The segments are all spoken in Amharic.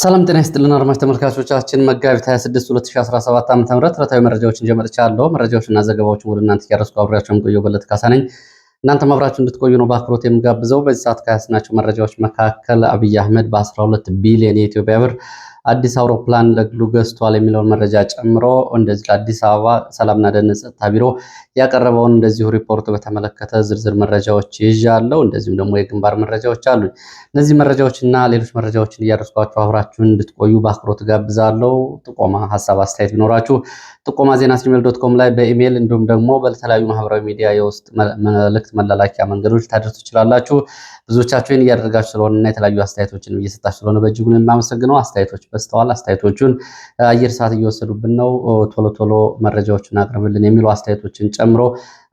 ሰላም ጤና ይስጥልን አድማጭ ተመልካቾቻችን፣ መጋቢት 26 2017 ዓ.ም ዕለታዊ መረጃዎችን ይዤ መጥቻለሁ። መረጃዎችና ዘገባዎችን ወደ እናንተ እያደረስኩ አብሬያቸው የምቆየው በለጠ ካሳ ነኝ። እናንተም አብራችሁ እንድትቆዩ ነው በአክብሮት የምጋብዘው። በዚህ ሰዓት ከያዝናቸው መረጃዎች መካከል አብይ አህመድ በ12 ቢሊዮን የኢትዮጵያ ብር አዲስ አውሮፕላን ለግሉ ገዝቷል የሚለውን መረጃ ጨምሮ እንደዚህ ለአዲስ አበባ ሰላምና ደህንነት ጸጥታ ቢሮ ያቀረበውን እንደዚሁ ሪፖርት በተመለከተ ዝርዝር መረጃዎች ይዣለሁ። እንደዚሁም ደግሞ የግንባር መረጃዎች አሉ። እነዚህ መረጃዎችና ሌሎች መረጃዎችን እያደረስኳችሁ አብራችሁን እንድትቆዩ በአክብሮት ጋብዛለሁ። ጥቆማ፣ ሀሳብ፣ አስተያየት ቢኖራችሁ ጥቆማ ዜና ጂሜል ዶት ኮም ላይ በኢሜይል እንዲሁም ደግሞ በተለያዩ ማህበራዊ ሚዲያ የውስጥ መልእክት መላላኪያ መንገዶች ታደርሱ ትችላላችሁ። ብዙዎቻችሁን እያደረጋችሁ ስለሆነ እና የተለያዩ አስተያየቶችን እየሰጣችሁ ስለሆነ በእጅጉን የማመሰግነው። አስተያየቶች በስተዋል። አስተያየቶቹን አየር ሰዓት እየወሰዱብን ነው። ቶሎ ቶሎ መረጃዎችን አቅርብልን የሚሉ አስተያየቶችን ጨምሮ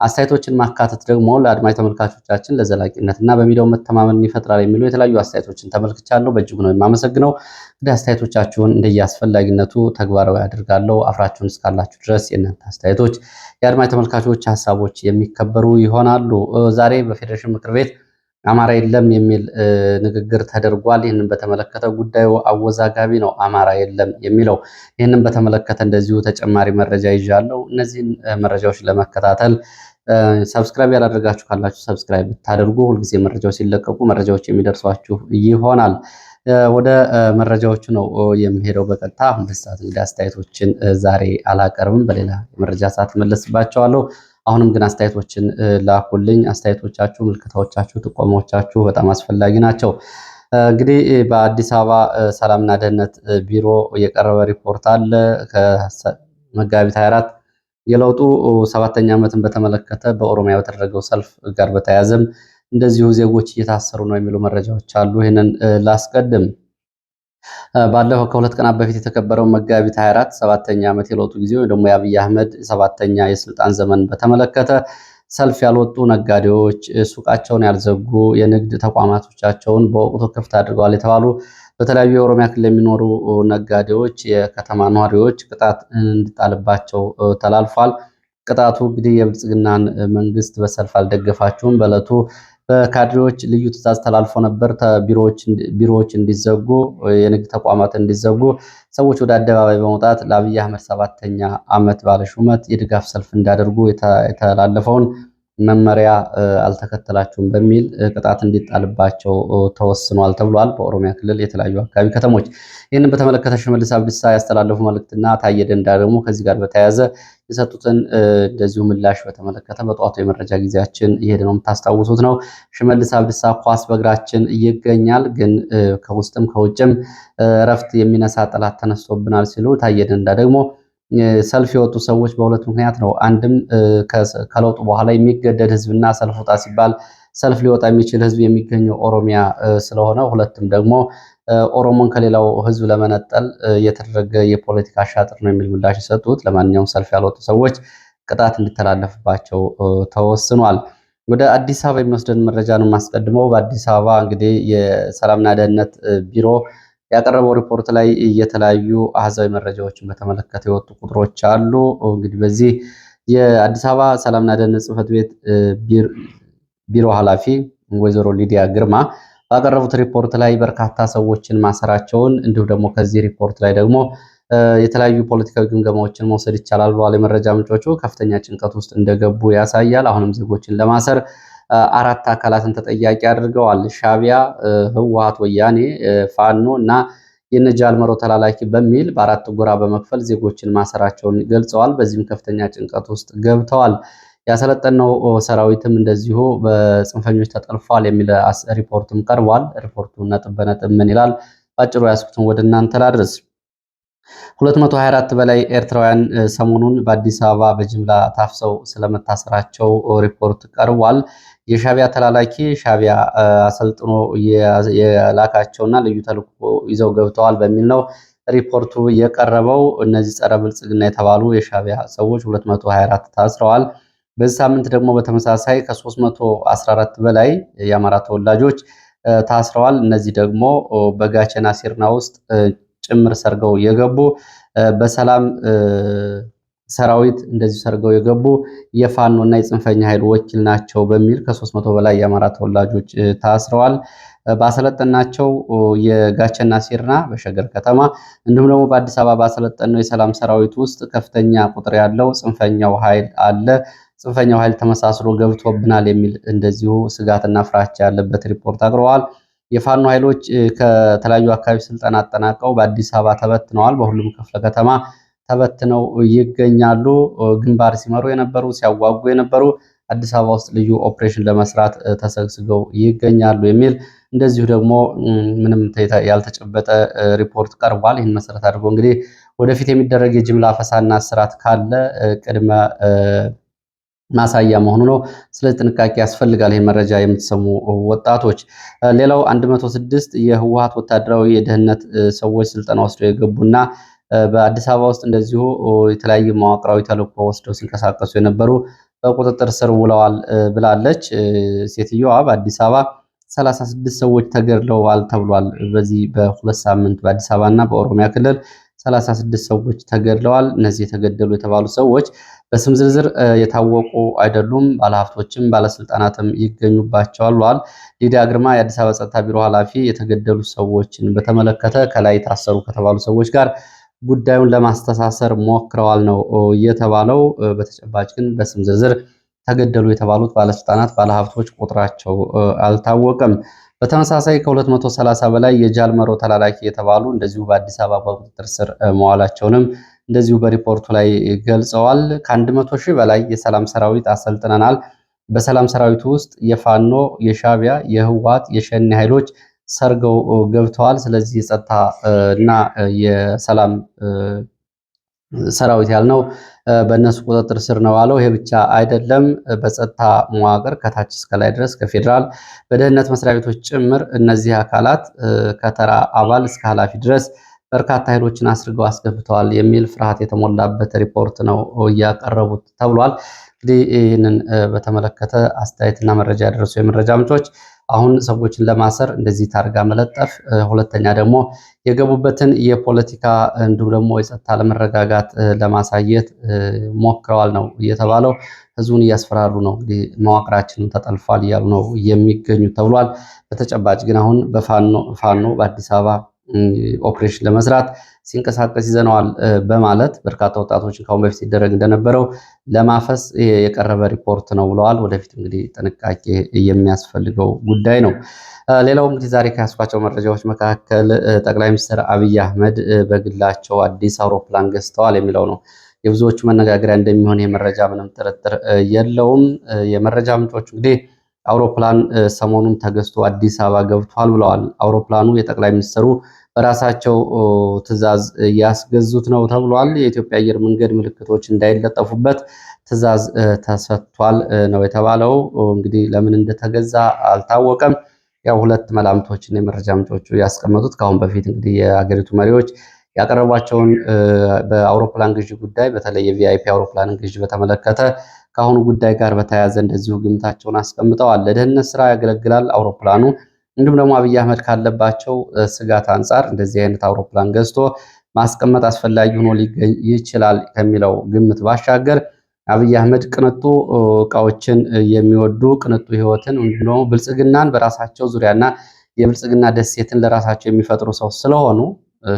አስተያየቶችን ማካተት ደግሞ ለአድማጭ ተመልካቾቻችን ለዘላቂነት እና በሚዲያው መተማመን ይፈጥራል የሚሉ የተለያዩ አስተያየቶችን ተመልክቻለሁ። በእጅጉ ነው የማመሰግነው። እንግዲህ አስተያየቶቻችሁን እንደየአስፈላጊነቱ ተግባራዊ አድርጋለሁ። አፍራችሁን እስካላችሁ ድረስ የእናንተ አስተያየቶች፣ የአድማጭ ተመልካቾች ሀሳቦች የሚከበሩ ይሆናሉ። ዛሬ በፌዴሬሽን ምክር ቤት አማራ የለም የሚል ንግግር ተደርጓል። ይህንን በተመለከተ ጉዳዩ አወዛጋቢ ነው። አማራ የለም የሚለው ይህንን በተመለከተ እንደዚሁ ተጨማሪ መረጃ ይዣለሁ። እነዚህን መረጃዎች ለመከታተል ሰብስክራይብ ያላደርጋችሁ ካላችሁ ሰብስክራይብ ብታደርጉ ሁልጊዜ መረጃዎች ሲለቀቁ መረጃዎች የሚደርሷችሁ ይሆናል። ወደ መረጃዎቹ ነው የሚሄደው በቀጥታ አሁን ሰዓት እንግዲህ አስተያየቶችን ዛሬ አላቀርብም፣ በሌላ የመረጃ ሰዓት መለስባቸዋለሁ። አሁንም ግን አስተያየቶችን ላኩልኝ። አስተያየቶቻችሁ፣ ምልክታዎቻችሁ፣ ጥቆማዎቻችሁ በጣም አስፈላጊ ናቸው። እንግዲህ በአዲስ አበባ ሰላምና ደህንነት ቢሮ የቀረበ ሪፖርት አለ ከመጋቢት 24 የለውጡ ሰባተኛ ዓመትን በተመለከተ በኦሮሚያ በተደረገው ሰልፍ ጋር በተያያዘም እንደዚሁ ዜጎች እየታሰሩ ነው የሚሉ መረጃዎች አሉ። ይህንን ላስቀድም። ባለፈው ከሁለት ቀናት በፊት የተከበረው መጋቢት 24 ሰባተኛ ዓመት የለውጡ ጊዜ ወይ ደግሞ የአብይ አህመድ ሰባተኛ የስልጣን ዘመን በተመለከተ ሰልፍ ያልወጡ ነጋዴዎች፣ ሱቃቸውን ያልዘጉ የንግድ ተቋማቶቻቸውን በወቅቱ ክፍት አድርገዋል የተባሉ በተለያዩ የኦሮሚያ ክልል የሚኖሩ ነጋዴዎች፣ የከተማ ነዋሪዎች ቅጣት እንዲጣልባቸው ተላልፏል። ቅጣቱ እንግዲህ የብልጽግናን መንግስት በሰልፍ አልደገፋችሁም በዕለቱ በካድሬዎች ልዩ ትዕዛዝ ተላልፎ ነበር። ቢሮዎች እንዲዘጉ፣ የንግድ ተቋማት እንዲዘጉ ሰዎች ወደ አደባባይ በመውጣት ለአብይ አህመድ ሰባተኛ ዓመት ባለሹመት የድጋፍ ሰልፍ እንዳደርጉ የተላለፈውን መመሪያ አልተከተላችሁም በሚል ቅጣት እንዲጣልባቸው ተወስኗል ተብሏል። በኦሮሚያ ክልል የተለያዩ አካባቢ ከተሞች ይህንን በተመለከተ ሽመልስ አብዲሳ ያስተላለፉ መልእክትና ታየ ደንዳ ደግሞ ከዚህ ጋር በተያያዘ የሰጡትን እንደዚሁ ምላሽ በተመለከተ በጠዋቱ የመረጃ ጊዜያችን እየሄደ ነው የምታስታውሱት ነው። ሽመልስ አብዲሳ ኳስ በእግራችን ይገኛል፣ ግን ከውስጥም ከውጭም እረፍት የሚነሳ ጠላት ተነስቶብናል ሲሉ ታየ ደንዳ ደግሞ ሰልፍ የወጡ ሰዎች በሁለት ምክንያት ነው። አንድም ከለውጡ በኋላ የሚገደድ ህዝብና ሰልፍ ውጣ ሲባል ሰልፍ ሊወጣ የሚችል ህዝብ የሚገኘው ኦሮሚያ ስለሆነ፣ ሁለትም ደግሞ ኦሮሞን ከሌላው ህዝብ ለመነጠል የተደረገ የፖለቲካ አሻጥር ነው የሚል ምላሽ የሰጡት። ለማንኛውም ሰልፍ ያልወጡ ሰዎች ቅጣት እንዲተላለፍባቸው ተወስኗል። ወደ አዲስ አበባ የሚወስደን መረጃ ነው የማስቀድመው። በአዲስ አበባ እንግዲህ የሰላምና ደህንነት ቢሮ ያቀረበው ሪፖርት ላይ የተለያዩ አሃዛዊ መረጃዎችን በተመለከተ የወጡ ቁጥሮች አሉ። እንግዲህ በዚህ የአዲስ አበባ ሰላምና ደህንነት ጽህፈት ቤት ቢሮ ኃላፊ ወይዘሮ ሊዲያ ግርማ ባቀረቡት ሪፖርት ላይ በርካታ ሰዎችን ማሰራቸውን እንዲሁም ደግሞ ከዚህ ሪፖርት ላይ ደግሞ የተለያዩ ፖለቲካዊ ግምገማዎችን መውሰድ ይቻላል ብለዋል። የመረጃ ምንጮቹ ከፍተኛ ጭንቀት ውስጥ እንደገቡ ያሳያል። አሁንም ዜጎችን ለማሰር አራት አካላትን ተጠያቂ አድርገዋል። ሻቢያ፣ ህወሀት፣ ወያኔ፣ ፋኖ እና የነጃል አልመሮ ተላላኪ በሚል በአራት ጎራ በመክፈል ዜጎችን ማሰራቸውን ገልጸዋል። በዚህም ከፍተኛ ጭንቀት ውስጥ ገብተዋል። ያሰለጠነው ሰራዊትም እንደዚሁ በጽንፈኞች ተጠልፏል የሚል ሪፖርትም ቀርቧል። ሪፖርቱ ነጥብ በነጥብ ምን ይላል? ባጭሩ ያስኩትን ወደ እናንተ ላድርስ። 224 በላይ ኤርትራውያን ሰሞኑን በአዲስ አበባ በጅምላ ታፍሰው ስለመታሰራቸው ሪፖርት ቀርቧል። የሻቢያ ተላላኪ ሻቢያ አሰልጥኖ የላካቸውና ልዩ ተልእኮ ይዘው ገብተዋል በሚል ነው ሪፖርቱ የቀረበው። እነዚህ ጸረ ብልጽግና የተባሉ የሻቢያ ሰዎች 224 ታስረዋል። በዚህ ሳምንት ደግሞ በተመሳሳይ ከ314 በላይ የአማራ ተወላጆች ታስረዋል። እነዚህ ደግሞ በጋቸና ሲርና ውስጥ ጭምር ሰርገው የገቡ በሰላም ሰራዊት እንደዚሁ ሰርገው የገቡ የፋኖ እና የጽንፈኛ ኃይል ወኪል ናቸው በሚል ከሶስት መቶ በላይ የአማራ ተወላጆች ታስረዋል። ባሰለጠናቸው የጋቸና ሲርና በሸገር ከተማ እንዲሁም ደግሞ በአዲስ አበባ ባሰለጠነው የሰላም ሰራዊት ውስጥ ከፍተኛ ቁጥር ያለው ጽንፈኛው ኃይል አለ። ጽንፈኛው ኃይል ተመሳስሎ ገብቶብናል የሚል እንደዚሁ ስጋትና ፍራቻ ያለበት ሪፖርት አቅርበዋል። የፋኖ ኃይሎች ከተለያዩ አካባቢ ስልጠና አጠናቀው በአዲስ አበባ ተበትነዋል። በሁሉም ክፍለ ከተማ ተበትነው ይገኛሉ። ግንባር ሲመሩ የነበሩ ሲያዋጉ የነበሩ አዲስ አበባ ውስጥ ልዩ ኦፕሬሽን ለመስራት ተሰግስገው ይገኛሉ የሚል እንደዚሁ ደግሞ ምንም ያልተጨበጠ ሪፖርት ቀርቧል። ይህን መሰረት አድርጎ እንግዲህ ወደፊት የሚደረግ የጅምላ ፈሳና ስርዓት ካለ ቅድመ ማሳያ መሆኑ ነው። ስለዚህ ጥንቃቄ ያስፈልጋል። ይህ መረጃ የምትሰሙ ወጣቶች፣ ሌላው 106 የህወሀት ወታደራዊ የደህንነት ሰዎች ስልጠና ወስደው የገቡና በአዲስ አበባ ውስጥ እንደዚሁ የተለያዩ መዋቅራዊ ተልኮ ወስደው ሲንቀሳቀሱ የነበሩ በቁጥጥር ስር ውለዋል ብላለች። ሴትዮዋ በአዲስ አበባ 36 ሰዎች ተገድለዋል ተብሏል። በዚህ በሁለት ሳምንት በአዲስ አበባ እና በኦሮሚያ ክልል 36 ሰዎች ተገድለዋል። እነዚህ የተገደሉ የተባሉ ሰዎች በስም ዝርዝር የታወቁ አይደሉም። ባለሀብቶችም ባለስልጣናትም ይገኙባቸዋል። ዋል ሊዲያ ግርማ የአዲስ አበባ ጸጥታ ቢሮ ኃላፊ የተገደሉ ሰዎችን በተመለከተ ከላይ የታሰሩ ከተባሉ ሰዎች ጋር ጉዳዩን ለማስተሳሰር ሞክረዋል ነው የተባለው። በተጨባጭ ግን በስም ዝርዝር ተገደሉ የተባሉት ባለስልጣናት፣ ባለሀብቶች ቁጥራቸው አልታወቀም። በተመሳሳይ ከ230 በላይ የጃልመሮ ተላላኪ የተባሉ እንደዚሁ በአዲስ አበባ በቁጥጥር ስር መዋላቸውንም እንደዚሁ በሪፖርቱ ላይ ገልጸዋል። ከ100 ሺህ በላይ የሰላም ሰራዊት አሰልጥነናል። በሰላም ሰራዊቱ ውስጥ የፋኖ፣ የሻቢያ፣ የህወሓት፣ የሸኔ ኃይሎች ሰርገው ገብተዋል። ስለዚህ የጸጥታ እና የሰላም ሰራዊት ያልነው በእነሱ ቁጥጥር ስር ነው አለው። ይሄ ብቻ አይደለም። በጸጥታ መዋቅር ከታች እስከ ላይ ድረስ ከፌዴራል በደህንነት መስሪያ ቤቶች ጭምር እነዚህ አካላት ከተራ አባል እስከ ኃላፊ ድረስ በርካታ ኃይሎችን አስርገው አስገብተዋል የሚል ፍርሃት የተሞላበት ሪፖርት ነው እያቀረቡት ተብሏል። እንግዲህ ይህንን በተመለከተ አስተያየትና መረጃ ያደረሱ የመረጃ ምንጮች አሁን ሰዎችን ለማሰር እንደዚህ ታርጋ መለጠፍ፣ ሁለተኛ ደግሞ የገቡበትን የፖለቲካ እንዲሁም ደግሞ የጸጥታ ለመረጋጋት ለማሳየት ሞክረዋል ነው እየተባለው። ህዝቡን እያስፈራሩ ነው። እንግዲህ መዋቅራችንም ተጠልፏል እያሉ ነው የሚገኙ ተብሏል። በተጨባጭ ግን አሁን በፋኖ ፋኖ በአዲስ አበባ ኦፕሬሽን ለመስራት ሲንቀሳቀስ ይዘነዋል በማለት በርካታ ወጣቶችን ከአሁን በፊት ሲደረግ እንደነበረው ለማፈስ የቀረበ ሪፖርት ነው ብለዋል። ወደፊት እንግዲህ ጥንቃቄ የሚያስፈልገው ጉዳይ ነው። ሌላው እንግዲህ ዛሬ ከያስኳቸው መረጃዎች መካከል ጠቅላይ ሚኒስትር አብይ አህመድ በግላቸው አዲስ አውሮፕላን ገዝተዋል የሚለው ነው። የብዙዎቹ መነጋገሪያ እንደሚሆን የመረጃ ምንም ጥርጥር የለውም። የመረጃ ምንጮቹ እንግዲህ አውሮፕላን ሰሞኑን ተገዝቶ አዲስ አበባ ገብቷል ብለዋል። አውሮፕላኑ የጠቅላይ ሚኒስትሩ በራሳቸው ትዕዛዝ ያስገዙት ነው ተብሏል። የኢትዮጵያ አየር መንገድ ምልክቶች እንዳይለጠፉበት ትዕዛዝ ተሰጥቷል ነው የተባለው። እንግዲህ ለምን እንደተገዛ አልታወቀም። ያው ሁለት እና የመረጃ ምንጮቹ ያስቀመጡት ከአሁን በፊት እንግዲህ የአገሪቱ መሪዎች ያቀረቧቸውን በአውሮፕላን ግዢ ጉዳይ በተለይ የቪአይፒ አውሮፕላን ግዢ በተመለከተ ከአሁኑ ጉዳይ ጋር በተያያዘ እንደዚሁ ግምታቸውን አስቀምጠዋል። ለደህንነት ስራ ያገለግላል አውሮፕላኑ። እንዲሁም ደግሞ አብይ አህመድ ካለባቸው ስጋት አንጻር እንደዚህ አይነት አውሮፕላን ገዝቶ ማስቀመጥ አስፈላጊ ሆኖ ሊገኝ ይችላል ከሚለው ግምት ባሻገር አብይ አህመድ ቅንጡ እቃዎችን የሚወዱ ቅንጡ ህይወትን እንዲሁም ደግሞ ብልጽግናን በራሳቸው ዙሪያና የብልጽግና ደሴትን ለራሳቸው የሚፈጥሩ ሰው ስለሆኑ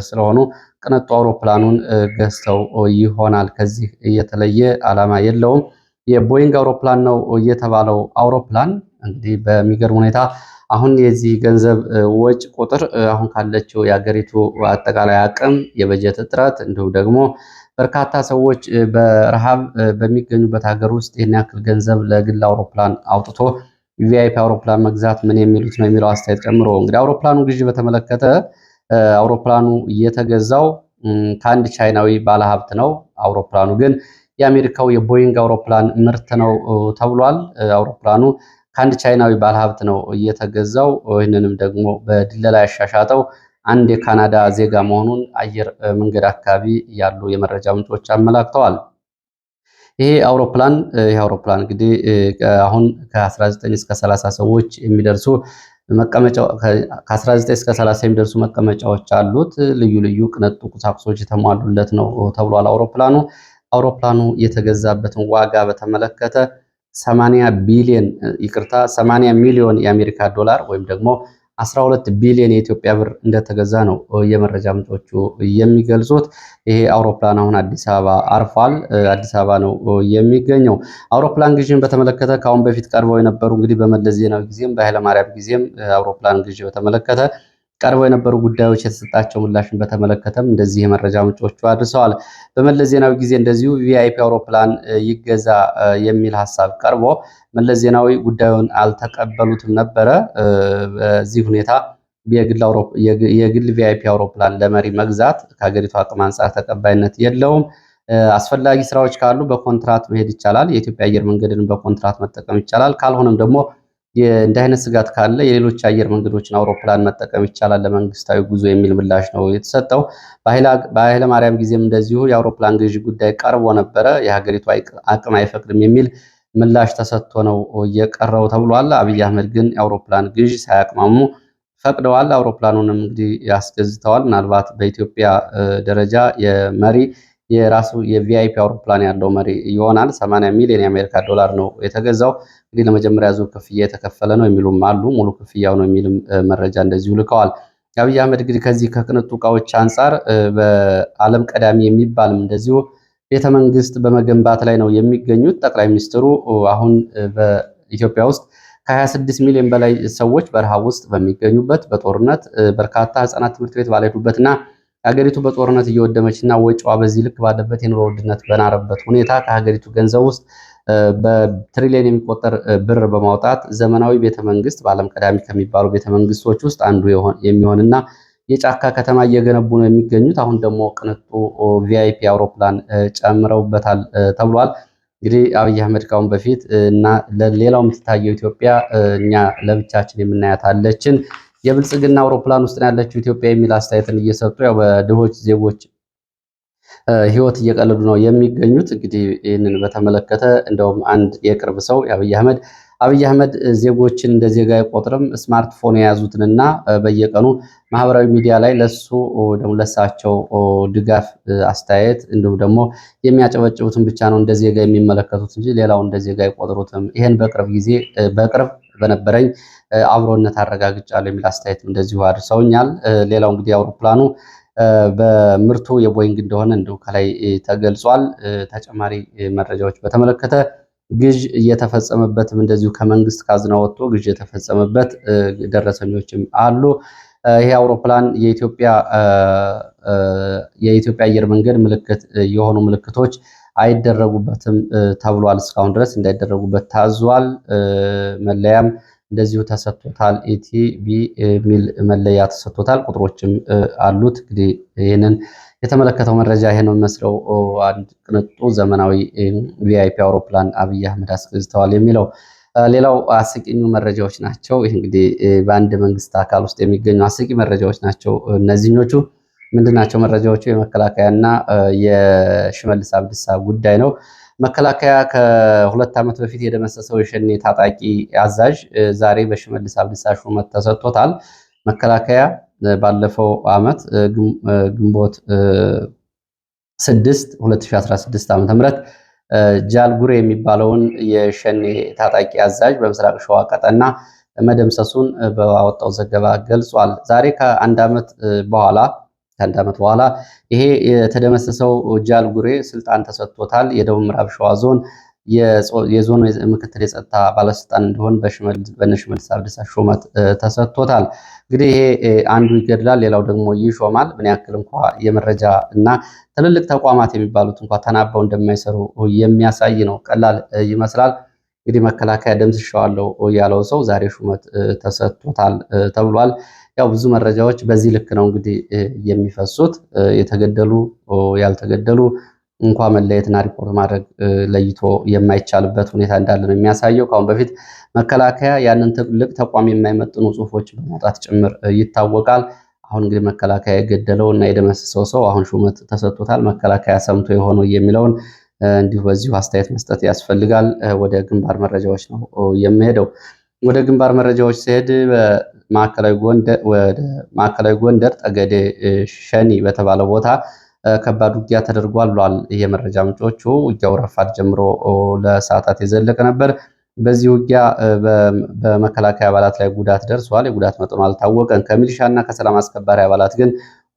ስለሆኑ ቅንጡ አውሮፕላኑን ገዝተው ይሆናል። ከዚህ የተለየ ዓላማ የለውም። የቦይንግ አውሮፕላን ነው የተባለው አውሮፕላን እንግዲህ በሚገርም ሁኔታ አሁን የዚህ ገንዘብ ወጭ ቁጥር አሁን ካለችው የሀገሪቱ አጠቃላይ አቅም፣ የበጀት እጥረት እንዲሁም ደግሞ በርካታ ሰዎች በረሃብ በሚገኙበት ሀገር ውስጥ ይህን ያክል ገንዘብ ለግል አውሮፕላን አውጥቶ ቪአይፒ አውሮፕላን መግዛት ምን የሚሉት ነው የሚለው አስተያየት ጨምሮ እንግዲህ አውሮፕላኑ ግዢ በተመለከተ አውሮፕላኑ እየተገዛው ከአንድ ቻይናዊ ባለሀብት ነው። አውሮፕላኑ ግን የአሜሪካው የቦይንግ አውሮፕላን ምርት ነው ተብሏል። አውሮፕላኑ ከአንድ ቻይናዊ ባለሀብት ነው እየተገዛው። ይህንንም ደግሞ በድለላ ያሻሻጠው አንድ የካናዳ ዜጋ መሆኑን አየር መንገድ አካባቢ ያሉ የመረጃ ምንጮች አመላክተዋል። ይሄ አውሮፕላን ይሄ አውሮፕላን እንግዲህ አሁን ከ19 እስከ 30 ሰዎች የሚደርሱ ከ19 እስከ 30 የሚደርሱ መቀመጫዎች አሉት። ልዩ ልዩ ቅንጡ ቁሳቁሶች የተሟሉለት ነው ተብሏል። አውሮፕላኑ አውሮፕላኑ የተገዛበትን ዋጋ በተመለከተ 80 ቢሊዮን ይቅርታ 80 ሚሊዮን የአሜሪካ ዶላር ወይም ደግሞ 12 ቢሊዮን የኢትዮጵያ ብር እንደተገዛ ነው የመረጃ ምንጮቹ የሚገልጹት። ይሄ አውሮፕላን አሁን አዲስ አበባ አርፏል። አዲስ አበባ ነው የሚገኘው። አውሮፕላን ግዢን በተመለከተ ከአሁን በፊት ቀርበው የነበሩ እንግዲህ በመለስ ዜናዊ ጊዜም በኃይለማርያም ጊዜም አውሮፕላን ግዥ በተመለከተ ቀርበው የነበሩ ጉዳዮች የተሰጣቸው ምላሽን በተመለከተም እንደዚህ የመረጃ ምንጮቹ አድርሰዋል። በመለስ ዜናዊ ጊዜ እንደዚሁ ቪአይፒ አውሮፕላን ይገዛ የሚል ሀሳብ ቀርቦ መለስ ዜናዊ ጉዳዩን አልተቀበሉትም ነበረ። በዚህ ሁኔታ የግል ቪአይፒ አውሮፕላን ለመሪ መግዛት ከሀገሪቱ አቅም አንጻር ተቀባይነት የለውም። አስፈላጊ ስራዎች ካሉ በኮንትራት መሄድ ይቻላል። የኢትዮጵያ አየር መንገድን በኮንትራት መጠቀም ይቻላል። ካልሆነም ደግሞ እንደ አይነት ስጋት ካለ የሌሎች አየር መንገዶችን አውሮፕላን መጠቀም ይቻላል ለመንግስታዊ ጉዞ የሚል ምላሽ ነው የተሰጠው። በኃይለ ማርያም ጊዜም እንደዚሁ የአውሮፕላን ግዢ ጉዳይ ቀርቦ ነበረ። የሀገሪቱ አቅም አይፈቅድም የሚል ምላሽ ተሰጥቶ ነው እየቀረው ተብሏል። አብይ አህመድ ግን የአውሮፕላን ግዢ ሳያቅማሙ ፈቅደዋል። አውሮፕላኑንም እንግዲህ ያስገዝተዋል። ምናልባት በኢትዮጵያ ደረጃ የመሪ የራሱ የቪአይፒ አውሮፕላን ያለው መሪ ይሆናል። 80 ሚሊዮን የአሜሪካ ዶላር ነው የተገዛው። እንግዲህ ለመጀመሪያ ዙር ክፍያ የተከፈለ ነው የሚሉም አሉ። ሙሉ ክፍያው ነው የሚልም መረጃ እንደዚሁ ልከዋል። አብይ አህመድ እንግዲህ ከዚህ ከቅንጡ እቃዎች አንጻር በዓለም ቀዳሚ የሚባልም እንደዚሁ ቤተ መንግስት በመገንባት ላይ ነው የሚገኙት። ጠቅላይ ሚኒስትሩ አሁን በኢትዮጵያ ውስጥ ከ26 ሚሊዮን በላይ ሰዎች በረሃብ ውስጥ በሚገኙበት በጦርነት በርካታ ህጻናት ትምህርት ቤት ባልሄዱበትና ሀገሪቱ በጦርነት እየወደመችና ወጪዋ በዚህ ልክ ባለበት የኑሮ ውድነት በናረበት ሁኔታ ከሀገሪቱ ገንዘብ ውስጥ በትሪሊየን የሚቆጠር ብር በማውጣት ዘመናዊ ቤተመንግስት በዓለም ቀዳሚ ከሚባሉ ቤተመንግስቶች ውስጥ አንዱ የሚሆንና የጫካ ከተማ እየገነቡ ነው የሚገኙት። አሁን ደግሞ ቅንጡ ቪአይፒ አውሮፕላን ጨምረውበታል ተብሏል። እንግዲህ አብይ አህመድ ካሁን በፊት እና ለሌላው የምትታየው ኢትዮጵያ እኛ ለብቻችን የምናያታለችን የብልጽግና አውሮፕላን ውስጥ ያለችው ኢትዮጵያ የሚል አስተያየትን እየሰጡ ያው በድሆች ዜጎች ህይወት እየቀለዱ ነው የሚገኙት። እንግዲህ ይህንን በተመለከተ እንደውም አንድ የቅርብ ሰው የአብይ አህመድ አብይ አህመድ ዜጎችን እንደ ዜጋ አይቆጥርም፣ ስማርትፎን የያዙትንና በየቀኑ ማህበራዊ ሚዲያ ላይ ለሱ ለሳቸው ድጋፍ አስተያየት፣ እንዲሁም ደግሞ የሚያጨበጭቡትን ብቻ ነው እንደ ዜጋ የሚመለከቱት እንጂ ሌላው እንደ ዜጋ አይቆጥሩትም። ይህን በቅርብ ጊዜ በቅርብ በነበረኝ አብሮነት አረጋግጫለሁ የሚል አስተያየት እንደዚሁ አድርሰውኛል። ሌላው እንግዲህ አውሮፕላኑ በምርቱ የቦይንግ እንደሆነ እንዲሁ ከላይ ተገልጿል። ተጨማሪ መረጃዎች በተመለከተ ግዥ እየተፈጸመበትም እንደዚሁ ከመንግስት ካዝና ወጥቶ ግዥ የተፈጸመበት ደረሰኞችም አሉ። ይሄ አውሮፕላን የኢትዮጵያ አየር መንገድ ምልክት የሆኑ ምልክቶች አይደረጉበትም ተብሏል። እስካሁን ድረስ እንዳይደረጉበት ታዟል። መለያም እንደዚሁ ተሰጥቶታል። ኢቲቢ የሚል መለያ ተሰጥቶታል። ቁጥሮችም አሉት። እንግዲህ ይህንን የተመለከተው መረጃ ይሄ ነው የሚመስለው። አንድ ቅንጡ ዘመናዊ ቪአይፒ አውሮፕላን አብይ አህመድ አስገዝተዋል የሚለው ሌላው አስቂኙ መረጃዎች ናቸው። ይህ እንግዲህ በአንድ መንግስት አካል ውስጥ የሚገኙ አስቂ መረጃዎች ናቸው። እነዚህኞቹ ምንድናቸው? መረጃዎቹ የመከላከያና የሽመልስ አብዲሳ ጉዳይ ነው። መከላከያ ከሁለት ዓመት በፊት የደመሰሰው የሸኔ ታጣቂ አዛዥ ዛሬ በሽመልስ አብዲሳ ሹመት ተሰጥቶታል። መከላከያ ባለፈው ዓመት ግንቦት 6 2016 ዓ.ም ጃልጉሬ የሚባለውን የሸኔ ታጣቂ አዛዥ በምስራቅ ሸዋ ቀጠና መደምሰሱን በወጣው ዘገባ ገልጿል። ዛሬ ከአንድ ዓመት በኋላ ከአንድ ዓመት በኋላ ይሄ የተደመሰሰው ጃል ጉሬ ስልጣን ተሰጥቶታል። የደቡብ ምዕራብ ሸዋ ዞን የዞኑ ምክትል የጸጥታ ባለስልጣን እንዲሆን በሽመልስ አብዲሳ ሹመት ተሰጥቶታል። እንግዲህ ይሄ አንዱ ይገድላል፣ ሌላው ደግሞ ይሾማል። ምን ያክል እንኳ የመረጃ እና ትልልቅ ተቋማት የሚባሉት እንኳ ተናበው እንደማይሰሩ የሚያሳይ ነው። ቀላል ይመስላል። እንግዲህ መከላከያ ደምስሸዋለው ያለው ሰው ዛሬ ሹመት ተሰጥቶታል ተብሏል። ያው ብዙ መረጃዎች በዚህ ልክ ነው እንግዲህ የሚፈሱት። የተገደሉ ያልተገደሉ እንኳ መለየትና ሪፖርት ማድረግ ለይቶ የማይቻልበት ሁኔታ እንዳለ ነው የሚያሳየው። ከአሁን በፊት መከላከያ ያንን ትልቅ ተቋም የማይመጥኑ ጽሁፎች በማውጣት ጭምር ይታወቃል። አሁን እንግዲህ መከላከያ የገደለው እና የደመሰሰው ሰው አሁን ሹመት ተሰጥቶታል። መከላከያ ሰምቶ የሆነው የሚለውን እንዲሁ በዚሁ አስተያየት መስጠት ያስፈልጋል። ወደ ግንባር መረጃዎች ነው የሚሄደው። ወደ ግንባር መረጃዎች ሲሄድ ማዕከላዊ ጎንደር ጠገዴ ሸኒ በተባለ ቦታ ከባድ ውጊያ ተደርጓል ብሏል የመረጃ ምንጮቹ። ውጊያው ረፋድ ጀምሮ ለሰዓታት የዘለቀ ነበር። በዚህ ውጊያ በመከላከያ አባላት ላይ ጉዳት ደርሷል። የጉዳት መጠኑ አልታወቀም። ከሚሊሻ እና ከሰላም አስከባሪ አባላት ግን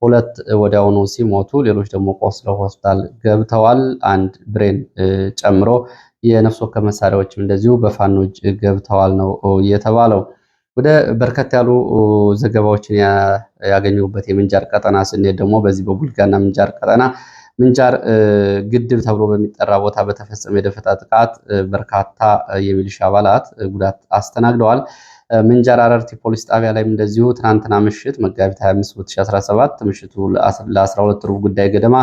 ሁለት ወዲያውኑ ሲሞቱ፣ ሌሎች ደግሞ ቆስለው ሆስፒታል ገብተዋል። አንድ ብሬን ጨምሮ የነፍስ ወከፍ መሳሪያዎችም እንደዚሁ በፋኖ እጅ ገብተዋል ነው የተባለው። ወደ በርከት ያሉ ዘገባዎችን ያገኙበት የምንጃር ቀጠና ስንሄድ ደግሞ በዚህ በቡልጋና ምንጃር ቀጠና ምንጃር ግድብ ተብሎ በሚጠራ ቦታ በተፈጸመ የደፈጣ ጥቃት በርካታ የሚሊሻ አባላት ጉዳት አስተናግደዋል። ምንጃር አረርቲ ፖሊስ ጣቢያ ላይም እንደዚሁ ትናንትና ምሽት መጋቢት 25 2017 ምሽቱ ለ12 ሩብ ጉዳይ ገደማ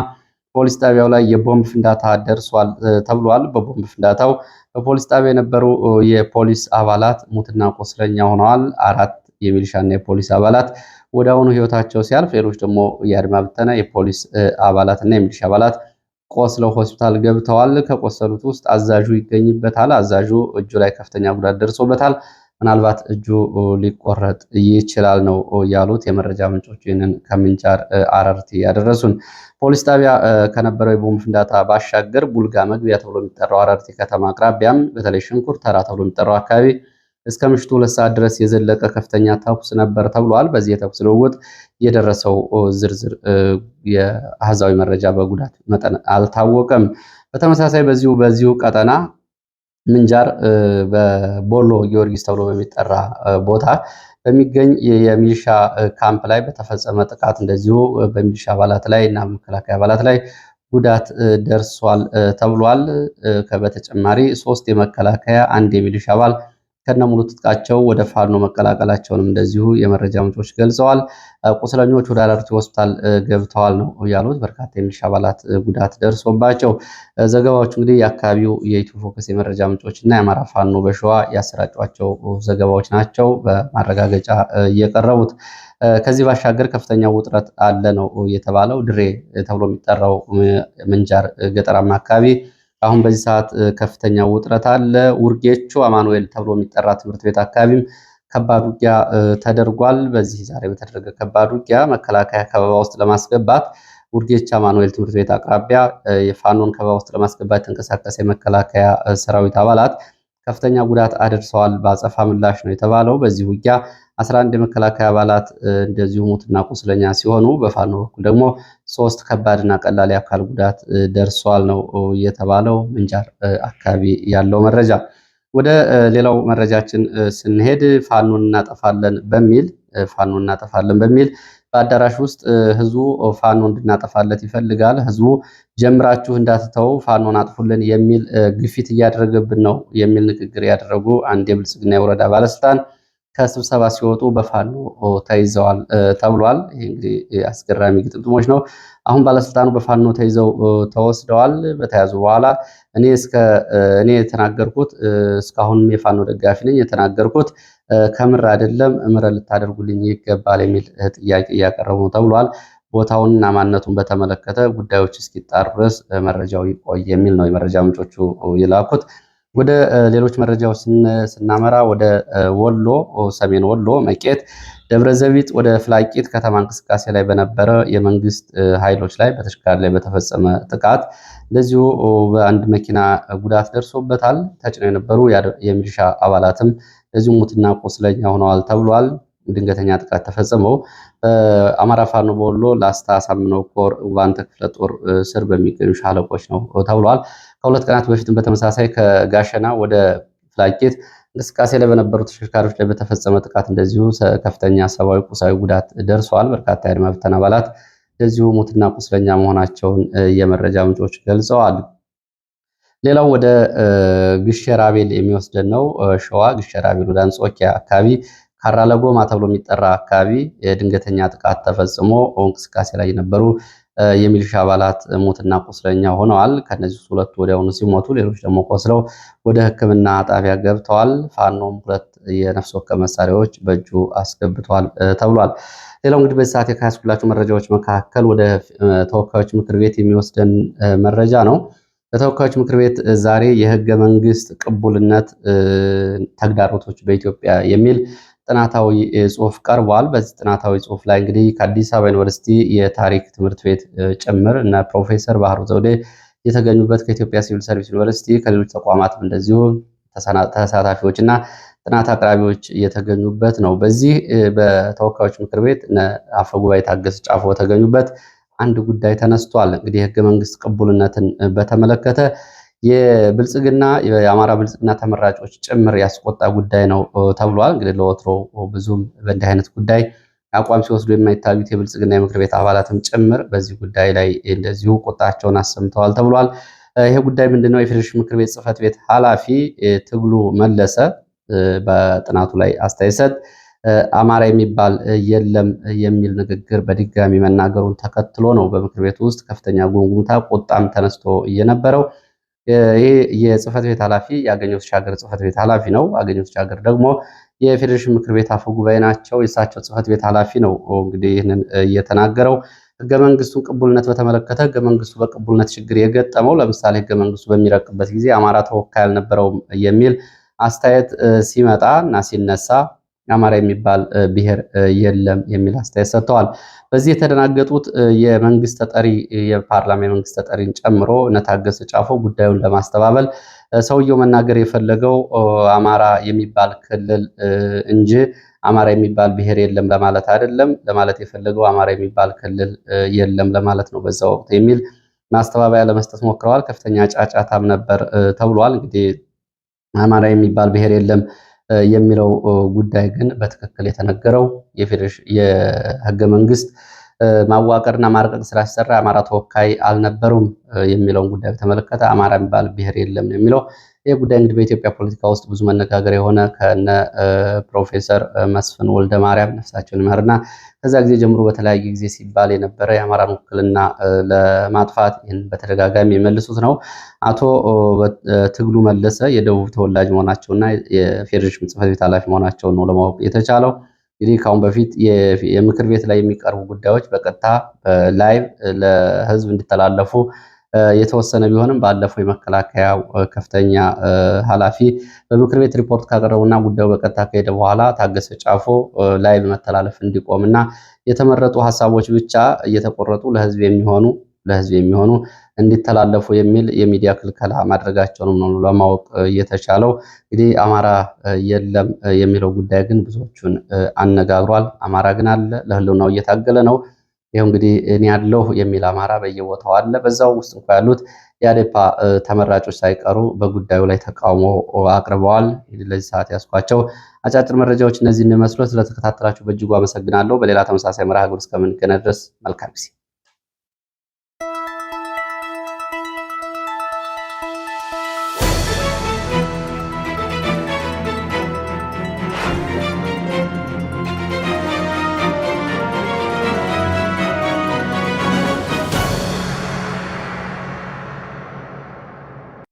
ፖሊስ ጣቢያው ላይ የቦምብ ፍንዳታ ደርሷል ተብሏል። በቦምብ ፍንዳታው በፖሊስ ጣቢያ የነበሩ የፖሊስ አባላት ሙትና ቆስለኛ ሆነዋል። አራት የሚሊሻና የፖሊስ አባላት ወደ አሁኑ ህይወታቸው ሲያልፍ፣ ሌሎች ደግሞ የአድማ ብተና የፖሊስ አባላትና የሚሊሻ አባላት ቆስለው ሆስፒታል ገብተዋል። ከቆሰሉት ውስጥ አዛዡ ይገኝበታል። አዛዡ እጁ ላይ ከፍተኛ ጉዳት ደርሶበታል። ምናልባት እጁ ሊቆረጥ ይችላል ነው ያሉት የመረጃ ምንጮች። ይህንን ከምንጃር አረርቲ ያደረሱን። ፖሊስ ጣቢያ ከነበረው የቦምብ ፍንዳታ ባሻገር ቡልጋ መግቢያ ተብሎ የሚጠራው አረርቲ ከተማ አቅራቢያም በተለይ ሽንኩር ተራ ተብሎ የሚጠራው አካባቢ እስከ ምሽቱ ሁለት ሰዓት ድረስ የዘለቀ ከፍተኛ ተኩስ ነበር ተብሏል። በዚህ የተኩስ ልውውጥ የደረሰው ዝርዝር የአሃዛዊ መረጃ በጉዳት መጠን አልታወቀም። በተመሳሳይ በዚሁ በዚሁ ቀጠና ምንጃር በቦሎ ጊዮርጊስ ተብሎ በሚጠራ ቦታ በሚገኝ የሚሊሻ ካምፕ ላይ በተፈጸመ ጥቃት እንደዚሁ በሚሊሻ አባላት ላይ እና በመከላከያ አባላት ላይ ጉዳት ደርሷል ተብሏል። በተጨማሪ ሶስት የመከላከያ አንድ የሚሊሻ አባል ከነሙሉ ትጥቃቸው ወደ ፋኖ መቀላቀላቸውንም እንደዚሁ የመረጃ ምንጮች ገልጸዋል። ቁስለኞች ወደ አራርቲ ሆስፒታል ገብተዋል ነው ያሉት። በርካታ የሚሊሻ አባላት ጉዳት ደርሶባቸው ዘገባዎቹ እንግዲህ የአካባቢው የኢትዮ ፎከስ የመረጃ ምንጮች እና የአማራ ፋኖ በሸዋ ያሰራጯቸው ዘገባዎች ናቸው በማረጋገጫ የቀረቡት። ከዚህ ባሻገር ከፍተኛ ውጥረት አለ ነው የተባለው ድሬ ተብሎ የሚጠራው ምንጃር ገጠራማ አካባቢ አሁን በዚህ ሰዓት ከፍተኛ ውጥረት አለ። ውርጌቹ አማኑኤል ተብሎ የሚጠራ ትምህርት ቤት አካባቢም ከባድ ውጊያ ተደርጓል። በዚህ ዛሬ በተደረገ ከባድ ውጊያ መከላከያ ከበባ ውስጥ ለማስገባት ውርጌቻ አማኑኤል ትምህርት ቤት አቅራቢያ የፋኖን ከበባ ውስጥ ለማስገባት የተንቀሳቀሰ የመከላከያ ሰራዊት አባላት ከፍተኛ ጉዳት አድርሰዋል። በአጸፋ ምላሽ ነው የተባለው። በዚህ ውጊያ 11 የመከላከያ አባላት እንደዚሁ ሙትና ቁስለኛ ሲሆኑ በፋኖ በኩል ደግሞ ሶስት ከባድና ቀላል የአካል ጉዳት ደርሷል ነው የተባለው ምንጃር አካባቢ ያለው መረጃ። ወደ ሌላው መረጃችን ስንሄድ ፋኖን እናጠፋለን በሚል ፋኖን እናጠፋለን በሚል በአዳራሽ ውስጥ ህዝቡ ፋኖ እንድናጠፋለት ይፈልጋል። ህዝቡ ጀምራችሁ እንዳትተው ፋኖን አጥፉልን የሚል ግፊት እያደረገብን ነው የሚል ንግግር ያደረጉ አንድ የብልጽግና የወረዳ ባለስልጣን ከስብሰባ ሲወጡ በፋኖ ተይዘዋል ተብሏል። ይህ እንግዲህ አስገራሚ ግጥምጥሞች ነው። አሁን ባለስልጣኑ በፋኖ ተይዘው ተወስደዋል። በተያዙ በኋላ እኔ እስከ እኔ የተናገርኩት እስካሁንም የፋኖ ደጋፊ ነኝ የተናገርኩት ከምር አይደለም ምረ ልታደርጉልኝ ይገባል የሚል ጥያቄ እያቀረቡ ነው ተብሏል። ቦታውንና ማንነቱን በተመለከተ ጉዳዮች እስኪጣሩ ድረስ መረጃው ይቆይ የሚል ነው የመረጃ ምንጮቹ የላኩት። ወደ ሌሎች መረጃዎች ስናመራ ወደ ወሎ ሰሜን ወሎ መቄት ደብረዘቢጥ ወደ ፍላቂት ከተማ እንቅስቃሴ ላይ በነበረ የመንግስት ኃይሎች ላይ በተሽከርካሪ ላይ በተፈጸመ ጥቃት እንደዚሁ በአንድ መኪና ጉዳት ደርሶበታል። ተጭነው የነበሩ የሚሊሻ አባላትም እንደዚሁ ሙትና ቁስለኛ ሆነዋል ተብሏል። ድንገተኛ ጥቃት ተፈጸመው አማራ ፋኖ በወሎ ላስታ አሳምነው ኮር ባንተ ክፍለ ጦር ስር በሚገኙ ሻለቆች ነው ተብሏል። ከሁለት ቀናት በፊትም በተመሳሳይ ከጋሸና ወደ ፍላቄት እንቅስቃሴ ላይ በነበሩ ተሽከርካሪዎች ላይ በተፈጸመ ጥቃት እንደዚሁ ከፍተኛ ሰብአዊ፣ ቁሳዊ ጉዳት ደርሰዋል። በርካታ የአድማ ብተን አባላት እንደዚሁ ሙትና ቁስለኛ መሆናቸውን የመረጃ ምንጮች ገልጸዋል። ሌላው ወደ ግሸራቤል የሚወስደን ነው። ሸዋ ግሸራቤል ወደ አንጾኪያ አካባቢ ካራለጎማ ተብሎ የሚጠራ አካባቢ የድንገተኛ ጥቃት ተፈጽሞ እንቅስቃሴ ላይ የነበሩ የሚሊሻ አባላት ሞትና ቁስለኛ ሆነዋል። ከነዚህ ሁለቱ ወዲያውኑ ሲሞቱ፣ ሌሎች ደግሞ ቆስለው ወደ ሕክምና ጣቢያ ገብተዋል። ፋኖም ሁለት የነፍስ ወከፍ መሳሪያዎች በእጁ አስገብተዋል ተብሏል። ሌላው እንግዲህ በዚህ ሰዓት የካያስኩላቸው መረጃዎች መካከል ወደ ተወካዮች ምክር ቤት የሚወስደን መረጃ ነው። በተወካዮች ምክር ቤት ዛሬ የህገ መንግስት ቅቡልነት ተግዳሮቶች በኢትዮጵያ የሚል ጥናታዊ ጽሁፍ ቀርቧል። በዚህ ጥናታዊ ጽሁፍ ላይ እንግዲህ ከአዲስ አበባ ዩኒቨርሲቲ የታሪክ ትምህርት ቤት ጭምር እና ፕሮፌሰር ባህሩ ዘውዴ የተገኙበት ከኢትዮጵያ ሲቪል ሰርቪስ ዩኒቨርሲቲ ከሌሎች ተቋማትም እንደዚሁ ተሳታፊዎች እና ጥናት አቅራቢዎች እየተገኙበት ነው። በዚህ በተወካዮች ምክር ቤት አፈ ጉባኤ ታገሰ ጫፎ ተገኙበት አንድ ጉዳይ ተነስቷል። እንግዲህ የህገ መንግስት ቅቡልነትን በተመለከተ የብልጽግና የአማራ ብልጽግና ተመራጮች ጭምር ያስቆጣ ጉዳይ ነው ተብሏል። እንግዲህ ለወትሮ ብዙም በእንዲህ አይነት ጉዳይ አቋም ሲወስዱ የማይታዩት የብልጽግና የምክር ቤት አባላትም ጭምር በዚህ ጉዳይ ላይ እንደዚሁ ቁጣቸውን አሰምተዋል ተብሏል። ይሄ ጉዳይ ምንድነው? የፌዴሬሽን ምክር ቤት ጽህፈት ቤት ኃላፊ ትግሉ መለሰ በጥናቱ ላይ አስተያየት ሰጥ አማራ የሚባል የለም የሚል ንግግር በድጋሚ መናገሩን ተከትሎ ነው በምክር ቤቱ ውስጥ ከፍተኛ ጉምጉምታ፣ ቁጣም ተነስቶ የነበረው ይህ የጽህፈት ቤት ኃላፊ የአገኘሁ ተሻገር ጽህፈት ቤት ኃላፊ ነው። አገኘሁ ተሻገር ደግሞ የፌዴሬሽን ምክር ቤት አፈ ጉባኤ ናቸው። የእሳቸው ጽህፈት ቤት ኃላፊ ነው እንግዲህ ይህንን እየተናገረው ህገ መንግስቱን ቅቡልነት በተመለከተ ህገ መንግስቱ በቅቡልነት ችግር የገጠመው ለምሳሌ ህገ መንግስቱ በሚረቅበት ጊዜ አማራ ተወካይ አልነበረውም የሚል አስተያየት ሲመጣ እና ሲነሳ አማራ የሚባል ብሔር የለም የሚል አስተያየት ሰጥተዋል። በዚህ የተደናገጡት የመንግስት ተጠሪ የፓርላማ የመንግስት ተጠሪን ጨምሮ ነታገሰ ጫፎ ጉዳዩን ለማስተባበል ሰውየው መናገር የፈለገው አማራ የሚባል ክልል እንጂ አማራ የሚባል ብሔር የለም ለማለት አይደለም፣ ለማለት የፈለገው አማራ የሚባል ክልል የለም ለማለት ነው በዛ ወቅት የሚል ማስተባበያ ለመስጠት ሞክረዋል። ከፍተኛ ጫጫታም ነበር ተብሏል። እንግዲህ አማራ የሚባል ብሔር የለም የሚለው ጉዳይ ግን በትክክል የተነገረው የህገ መንግስት ማዋቀርና ማርቀቅ ስላሰራ አማራ ተወካይ አልነበሩም የሚለውን ጉዳይ በተመለከተ አማራ የሚባል ብሔር የለም የሚለው ይህ ጉዳይ እንግዲህ በኢትዮጵያ ፖለቲካ ውስጥ ብዙ መነጋገር የሆነ ከነ ፕሮፌሰር መስፍን ወልደ ማርያም ነፍሳቸውን ይማርና ከዛ ጊዜ ጀምሮ በተለያየ ጊዜ ሲባል የነበረ የአማራን ውክልና ለማጥፋት ይህን በተደጋጋሚ የመልሱት ነው። አቶ ትግሉ መለሰ የደቡብ ተወላጅ መሆናቸውና የፌዴሬሽን ጽሕፈት ቤት ኃላፊ መሆናቸውን ነው ለማወቅ የተቻለው። እንግዲህ ከአሁን በፊት የምክር ቤት ላይ የሚቀርቡ ጉዳዮች በቀጥታ ላይቭ ለህዝብ እንዲተላለፉ የተወሰነ ቢሆንም ባለፈው የመከላከያ ከፍተኛ ኃላፊ በምክር ቤት ሪፖርት ካቀረቡና ጉዳዩ በቀጥታ ከሄደ በኋላ ታገሰ ጫፎ ላይ መተላለፍ እንዲቆም እና የተመረጡ ሀሳቦች ብቻ እየተቆረጡ ለህዝብ የሚሆኑ ለህዝብ የሚሆኑ እንዲተላለፉ የሚል የሚዲያ ክልከላ ማድረጋቸውንም ነው ለማወቅ እየተቻለው። እንግዲህ አማራ የለም የሚለው ጉዳይ ግን ብዙዎቹን አነጋግሯል። አማራ ግን አለ፣ ለህልውናው እየታገለ ነው። ይኸው እንግዲህ እኔ ያለሁ የሚል አማራ በየቦታው አለ። በዛው ውስጥ እንኳ ያሉት የአዴፓ ተመራጮች ሳይቀሩ በጉዳዩ ላይ ተቃውሞ አቅርበዋል። ለዚህ ሰዓት ያስኳቸው አጫጭር መረጃዎች እነዚህ መስሎ ስለተከታተላችሁ በእጅጉ አመሰግናለሁ። በሌላ ተመሳሳይ መርሃ ግብር እስከምንገናኝ ድረስ መልካም ጊዜ